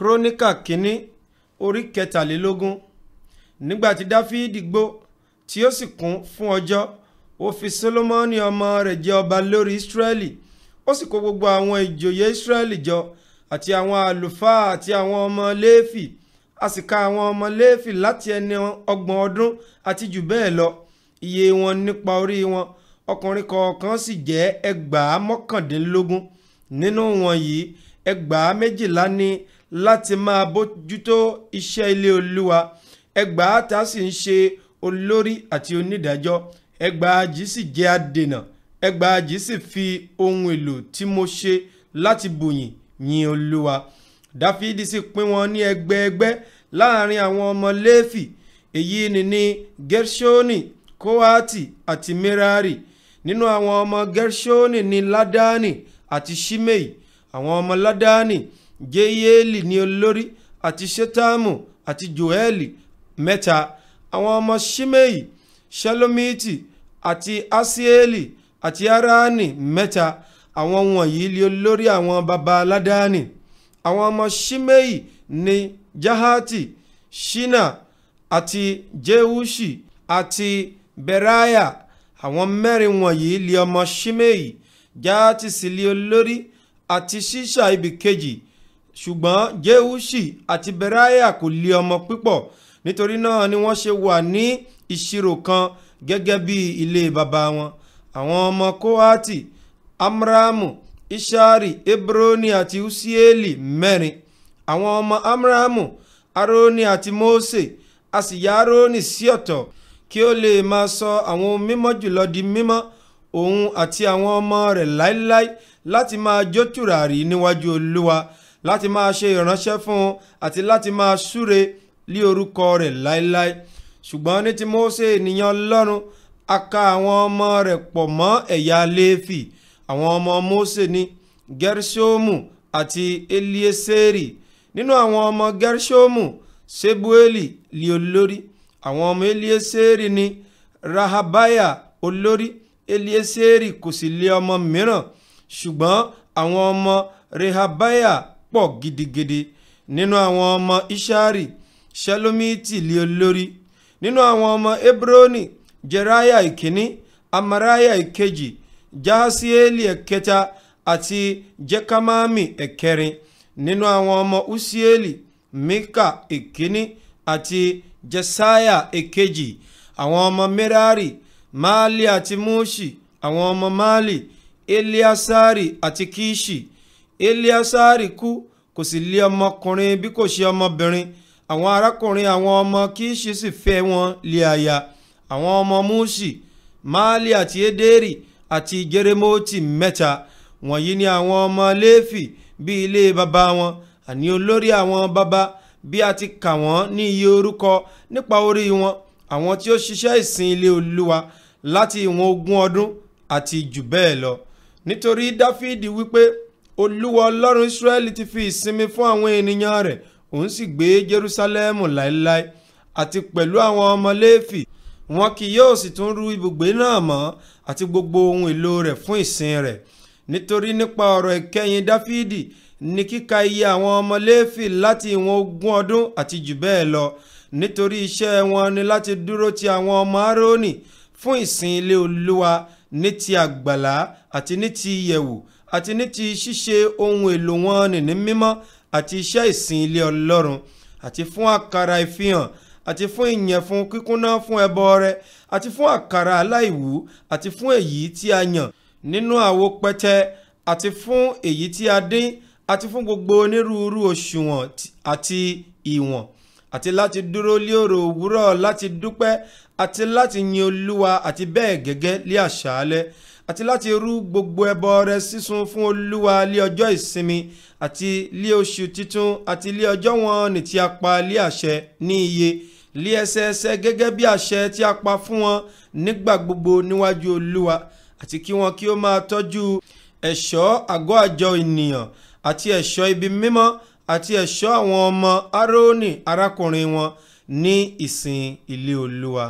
kúrónìkà kínní orí kẹtàlélógún nígbà tí dáfídì gbó tí ó sì kún fún ọjọ́ ó fi solomoni ọmọ rẹ̀ jẹ ọba lórí israẹli ó sì kó gbogbo àwọn ìjòyè israẹli jọ àti àwọn àlùfáà àti àwọn ọmọ léèfì a àwọn ọmọ léèfì láti ẹni ọgbọ̀n ọdún àti jù bẹ́ẹ̀ lọ iye wọn nípa orí wọn ọkùnrin kọ̀ọ̀kan sì jẹ́ ẹgbàá mọ́kàndínlógún nínú wọn yìí ẹgbàá méjìlá ní láti máa bójútó iṣẹ́ ilé olúwa ẹgbàáta sì ń ṣe olórí àti onídàájọ́ ẹgbàájì sì jẹ́ adènà ẹgbàájì sì fi ohun èlò tí mo ṣe láti bùyìn yin olúwa dáfídì sì pín wọn ní ẹgbẹ́ẹgbẹ́ láàrin àwọn ọmọ léfì èyí ni ní gershoni kohati àti merari nínú àwọn ọmọ gershoni ní ládàáni àti shimei àwọn ọmọ ládàáni jeyeli ní olórí àti shetamu àti joeli mẹ́ta àwọn ọmọ shimeyi shalomiti àti asieli àti arani mẹ́ta àwọn wọ̀nyí ní olórí àwọn baba aládàáni àwọn ọmọ shimeyi ní jahati shina àti jeushi àti beraya àwọn mẹ́rin wọ̀nyí lé ọmọ shimeyi jáàtì sì lé olórí àti ṣíṣà ibì kejì ṣùgbọ́n jehushi àti beraya kò lé ọmọ pípọ̀ nítorí náà ni wọ́n ṣe wà ní ìṣirò kan gẹ́gẹ́ bí ilé bàbá wọn àwọn ọmọ kohati amramu ishari hebroni àti usieli mẹ́rin àwọn ọmọ amramu aroni àti mose a sì yà aroni sí ọ̀tọ̀ kí ó lè máa sọ àwọn mímọ́ jùlọ di mímọ́ òun àti àwọn ọmọ rẹ̀ láéláé láti máa jó tùràrí níwájú olúwa láti máa ṣe ìránṣẹ́ fún un àti láti máa súre lé orúkọ rẹ̀ láéláé ṣùgbọ́n ní ti Mósè ènìyàn Ọlọ́run a ka àwọn ọmọ rẹ̀ pọ̀ mọ́ ẹ̀yà Léfì àwọn ọmọ Mósè ní Gershomu àti Elieseri nínú àwọn ọmọ Gershomu Sebueli lé olórí àwọn ọmọ Elieseri ní Rahabaya olórí Elieseri kò sì lé ọmọ mìíràn ṣùgbọ́n àwọn ọmọ Rehabaya pọ̀ gidigidi nínú àwọn ọmọ ishari shalomiti lé olórí nínú àwọn ọmọ Ebroni, jeraya ìkíní amaraya ìkejì jasieli ẹ̀kẹta àti jekamami ẹ̀kẹrin nínú àwọn ọmọ usieli mika ìkíní àti jesaya ìkejì àwọn ọmọ merari maali àti mushi àwọn ọmọ maali eliasari àti kishi Eliasari kú kò sì lé ọmọkùnrin bí kò ṣe ọmọbìnrin àwọn arákùnrin àwọn ọmọ Kiṣi sì fẹ́ wọn lé aya àwọn ọmọ Muṣi Maali àti Ederi àti Jeremoti mẹ́ta wọ̀nyí ni àwọn ọmọ Léfì bí ilé baba wọn àní olórí àwọn baba bí a ti kà wọ́n ní iye orúkọ nípa orí wọn àwọn tí ó ṣiṣẹ́ ìsìn ilé Olúwa láti ìwọ̀n ogún ọdún àti jù bẹ́ẹ̀ lọ nítorí Dáfídì wípé olúwa ọlọ́run israẹli ti fi ìsinmi fún àwọn ènìyàn rẹ̀ òun sì gbé jerusalemu láéláé àti pẹ̀lú àwọn ọmọ léfì wọn kì yóò sì tún ru ibùgbé náà mọ́ àti gbogbo ohun èlò rẹ̀ fún ìsìn rẹ̀ nítorí nípa ọ̀rọ̀ ìkẹyìn dáfídì ní kíka iye àwọn ọmọ léfì láti ìwọ̀n ogún ọdún àti jù bẹ́ẹ̀ lọ nítorí iṣẹ́ wọn ni láti dúró ti àwọn ọmọ aróònì fún ìsìn ilé olúwa ní ti àgbàlá àti ní ti ìyẹ̀wù àti ní ti ṣíṣe ohun èlò wọn nìní mímọ́ àti iṣẹ́ ìsìn ilé Ọlọ́run àti fún àkàrà ìfihàn àti fún ìyẹ̀fun kíkúnná fún ẹbọ rẹ àti fún àkàrà aláìwú àti fún èyí tí a yàn nínú àwo pẹtẹ àti fún èyí tí a dín àti fún gbogbo onírúurú òṣùwọ̀n àti ìwọ̀n àti láti dúró lé òrò òwúrọ̀ láti dúpẹ́ àti láti yin Olúwa àti bẹ́ẹ̀ gẹ́gẹ́ lé àṣálẹ́ àti láti rú gbogbo ẹbọ rẹ sísun fún olúwa lé ọjọ́ ìsinmi àti lé oṣù titun àti lé ọjọ́ wọn ní tí a pa lé àṣẹ ní iye lé ẹsẹẹsẹ gẹ́gẹ́ bí àṣẹ tí a pa fún wọn nígbà gbogbo níwájú olúwa àti kí wọn kí ó máa tọ́jú ẹ̀ṣọ́ àgọ́ àjọ ènìyàn àti ẹ̀ṣọ́ ibi mímọ́ àti ẹ̀ṣọ́ àwọn ọmọ Árónì arákùnrin wọn ní ìsìn ilé olúwa.